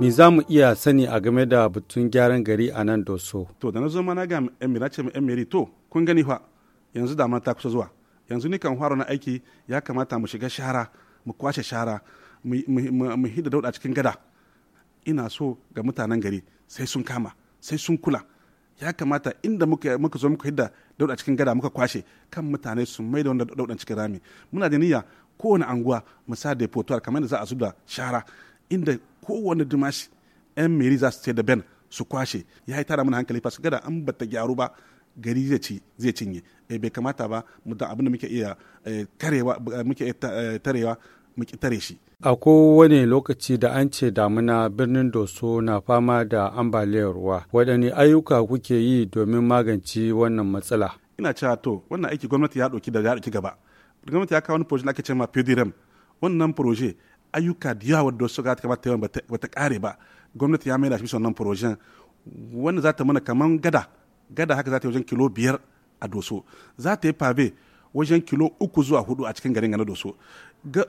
Me za mu iya sani a game da batun gyaran gari a nan doso? To da na zo mana ga emiri na ce ma emiri to kun gani fa yanzu da ta kusa zuwa yanzu ni kan fara na aiki ya kamata mu shiga shara mu kwashe shara mu hida dauda cikin gada ina so ga mutanen gari sai sun kama sai sun kula ya kamata inda muka, zo muka hidda dauda cikin gada muka kwashe kan mutane su mai da wanda daudan cikin rami muna da niyya kowane anguwa mu sa depotuwar kamar da za a zuba shara inda kowane dimashi 'yan meri za su ce da ben su kwashe ya yi tara mana hankali fasu gada an bata gyaru ba gari zai cinye eh, bai kamata ba mutum abin da muke iya eh, eh, tarewa muke tare shi a kowane lokaci da an ce damuna birnin doso na fama da ambaliyar ruwa waɗanne ayyuka kuke yi domin magance wannan matsala ina cewa to wannan aiki gwamnati ya ɗauki da ya ɗauki gaba gwamnati ya kawo wani proje da ake cewa pdrm e wannan proje ayyuka da yawa wadda wasu gata kamata yawan bata kare ba gwamnati ya mai da shi wannan projen wanda za ta mana kaman gada gada haka za ta yi wajen kilo biyar a doso za ta yi pave wajen kilo uku zuwa hudu a cikin garin na doso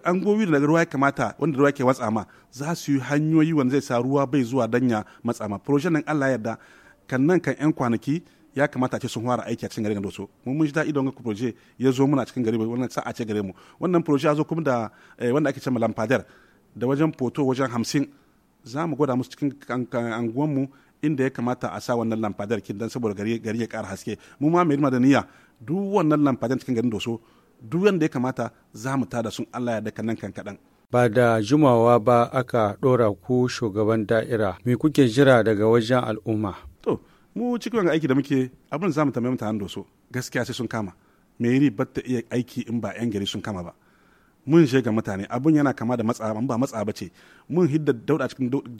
an gobi da ruwa ya kamata wanda ruwa ke watsa ma za su yi hanyoyi wanda zai sa ruwa bai zuwa danya matsa ma projen nan allah yarda kan nan kan yan kwanaki ya kamata ce sun fara aiki a cikin garin doso mun mun ji daɗi da proje ya zo muna cikin gari wannan sa'a ce gare mu wannan proje ya zo kuma da eh, wanda ake cewa lampader da wajen foto wajen hamsin za mu gwada musu cikin anguwanmu inda ya kamata a sa wannan lampader kin dan saboda gari gari ya ƙara haske mu ma mai da niyya duk wannan lampader cikin garin doso duk wanda ya kamata za mu tada sun Allah ya daka nan kan kaɗan. Ba da jimawa ba aka ɗora ku shugaban da'ira, me kuke jira daga wajen al'umma? mu cikin aiki da muke abin zamu tambaye mutanen doso gaskiya sai sun kama meri ba ta iya aiki in ba 'yan gari sun kama ba mun je ga mutane abin yana kama da matsa ba matsa ba ce mun hidda dauda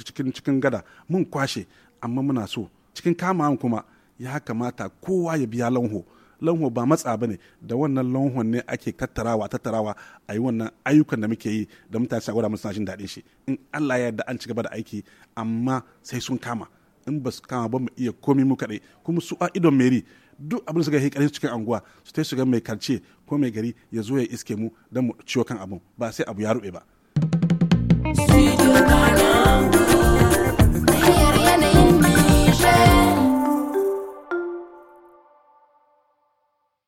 cikin cikin gada mun kwashe amma muna so cikin kama kuma ya kamata kowa ya biya lanho lanho ba matsa ba ne da wannan lanhon ne ake tattarawa tattarawa a yi wannan ayyukan da muke yi da mutane suna gwada musu jin daɗin shi in allah ya yarda an ci gaba da aiki amma sai sun kama in ba su kama ba mu iya komi mu kaɗai kuma su a idon meri duk abin su ga hekari cikin anguwa su ta shiga mai karce ko mai gari ya zo ya iske mu don mu ciwo kan abin ba sai abu ya rube ba.